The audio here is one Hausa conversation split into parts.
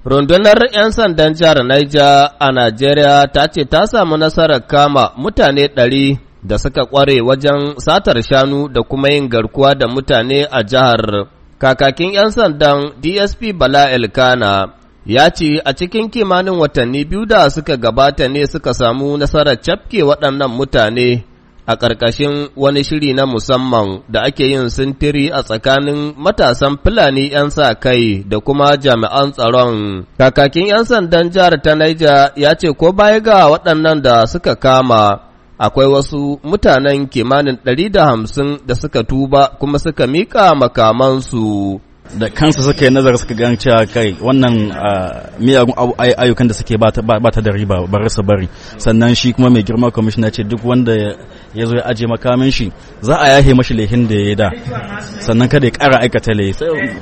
Rundunar 'yan sandan jihar Niger a Najeriya ta ce ta samu nasarar kama mutane ɗari da suka ƙware wajen satar shanu da kuma yin garkuwa da mutane a jihar. Kakakin 'yan sandan DSP Bala Elkana ya ce a cikin kimanin watanni biyu da suka gabata ne suka samu nasarar cafke waɗannan mutane a ƙarƙashin wani shiri na musamman da ake yin sintiri a tsakanin matasan Fulani 'yan sa kai da kuma jami'an tsaron. Kakakin 'yan sandan jihar ta Naija ya ce ko baya ga waɗannan da suka kama akwai wasu mutanen kimanin ɗari da hamsin da suka tuba kuma suka miƙa makamansu. da kansa suka yi nazar suka gan cewa kai wannan miyagun ayyukan da suke ba ta da riba ba rasa bari sannan shi kuma mai girma kwamishina ce duk wanda ya zo ya aje makamin shi za a yahe mashi lehin da ya da sannan kada ya kara aikata lehi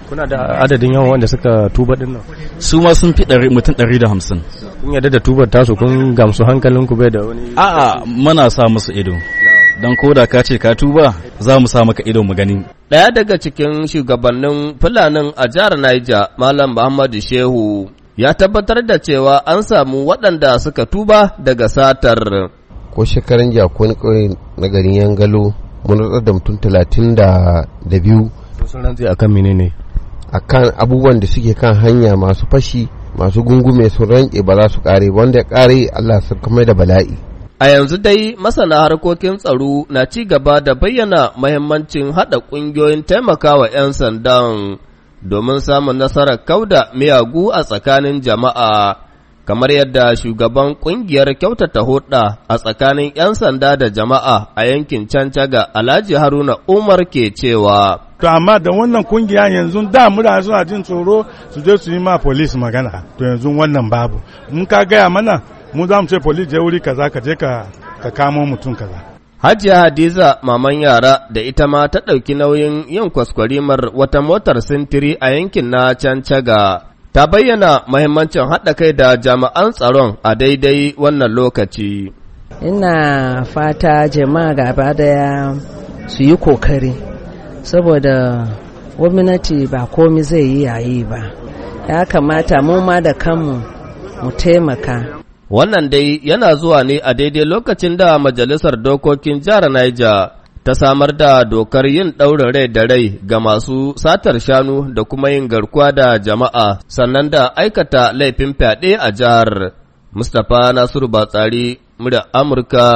kuna da adadin yawan wanda suka tuba din nan su ma sun fi mutum ɗari da hamsin kun yarda da tubar tasu kun gamsu hankalinku bai da wani a'a muna sa musu ido don koda ka ce ka tuba za mu sa maka ido mu gani. Daya daga cikin shugabannin Fulanin a jihar Niger, Malam Muhammadu Shehu, ya tabbatar da cewa an samu waɗanda suka tuba daga satar. Ko shekaran jiya ko ƙauye na garin Yangalo mun rada da mutum talatin da biyu. Sun rantse a kan menene? A kan abubuwan da suke kan hanya masu fashi masu gungume sun ranke ba za su ƙare wanda ya ƙare Allah su kamar da bala'i. A yanzu dai masana harkokin tsaro na ci gaba da bayyana mahimmancin haɗa ƙungiyoyin taimakawa 'yan sandan domin samun nasarar kauda miyagu a tsakanin jama'a, kamar yadda shugaban ƙungiyar kyautata hulɗa a tsakanin 'yan sanda da jama'a a yankin Cancaga Alhaji Haruna Umar ke cewa. to amma da wannan kungiya yanzu da mutane suna jin tsoro su je su yi ma police magana to yanzu wannan babu mun ka gaya mana mu za mu ce police je wuri kaza ka je ka kamo mutum kaza Hajiya Hadiza maman yara da ita ma ta ɗauki nauyin yin kwaskwarimar wata motar sintiri a yankin na Cancaga ta bayyana mahimmancin haɗa kai da jami'an tsaron a daidai wannan lokaci. Ina fata jama'a gaba daya su yi kokari saboda gwamnati ba komi zai yi yayi ba. Ya kamata mu ma da kanmu mu taimaka Wannan dai yana zuwa ne a daidai lokacin da Majalisar Dokokin Jihar Niger ta samar da dokar yin ɗaurin rai da rai ga masu satar shanu da kuma yin garkuwa da jama'a sannan da aikata laifin fyaɗe a jihar. Mustapha Nasiru Batsari, murya Amurka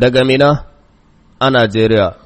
daga Mina a Najeriya.